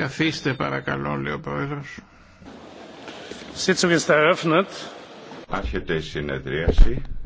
Καθίστε παρακαλώ, λέει ο Πρόεδρος. Άρχεται η συνεδρίαση.